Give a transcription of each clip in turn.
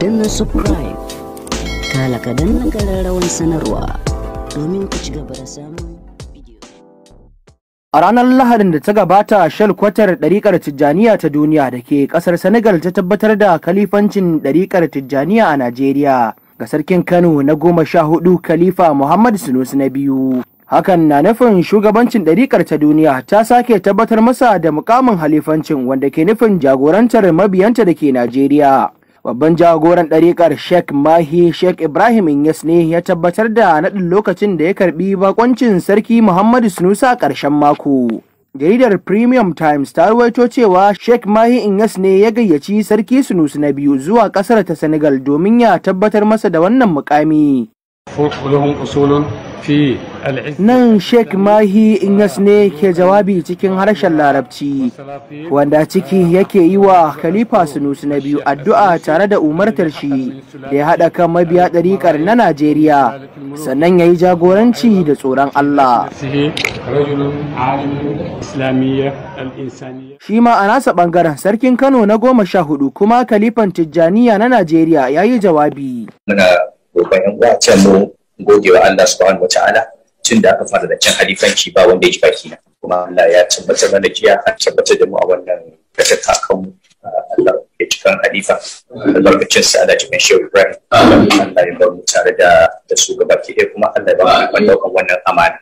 danna subscribe kala ka danna kararrawan sanarwa domin ku ci gaba da samun A ranar Lahadin da ta gabata, Shell kwatar ɗariƙar Tijjaniya ta duniya da ke ƙasar Senegal ta tabbatar da kalifancin ɗariƙar Tijjaniya a Najeriya ga sarkin Kano na goma sha hudu Khalifa Muhammad Sunusi na biyu. hakan na nufin shugabancin ɗariƙar ta duniya ta sake tabbatar masa da mukamin halifancin wanda ke nufin jagorantar mabiyanta da ke najeriya Babban jagoran ɗariƙar Sheikh Mahi Sheikh Ibrahim Inyas ne ya tabbatar da naɗin lokacin da ya karɓi bakoncin Sarki Muhammadu Sunusa ƙarshen mako. jaridar premium times ta ruwaito cewa sheikh mahi inyas ne ya gayyaci sarki Sunusa na biyu zuwa ƙasar ta senegal domin ya tabbatar masa da wannan mukami nan sheikh mahi inyas ne ke jawabi cikin harshen larabci wanda ciki yake yi wa khalifa sunusu na biyu addu'a tare da umartar shi da ya haɗa kan mabiya ɗariƙar na najeriya sannan ya yi jagoranci da tsoron allah shi ma a nasa ɓangaren sarkin kano na goma sha hudu kuma khalifan tijjaniya na najeriya ya yi jawabi muna roƙon 'yan uwa mu gogewa wa allah subhanahu wa ta'ala tun da aka fara da can halifanci ba wanda ya ji baki na kuma Allah ya tabbatar mana jiya a tabbatar da mu a wannan kashe kakan Allah ya kan halifa albarkacin sa Allah cikin shehu Ibrahim Allah ya bar mu tare da da su gaba ki kuma Allah ya ba mu wannan amana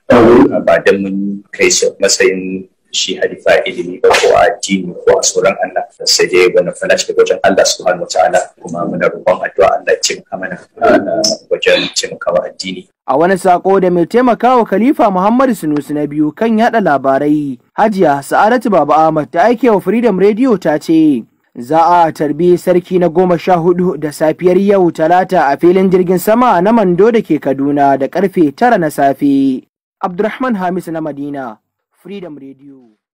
ba dan mun kai matsayin shi halifa ilimi ba ko a addini ko a sauran Allah sai dai wani falash da wajen Allah su hannu ta'ala kuma muna roƙon addu'a Allah ya kama'na, mana eh, wajen cimkawa addini a wani sako da mai taimakawa khalifa Muhammadu Sunusu na biyu kan yada labarai Hajiya Sa'adatu Baba Ahmad ta aike wa Freedom Radio ta ce za a tarbi sarki na goma sha hudu da safiyar yau talata a filin jirgin sama na mando da ke kaduna da karfe tara na safe abdurrahman hamis na madina Freedom Radio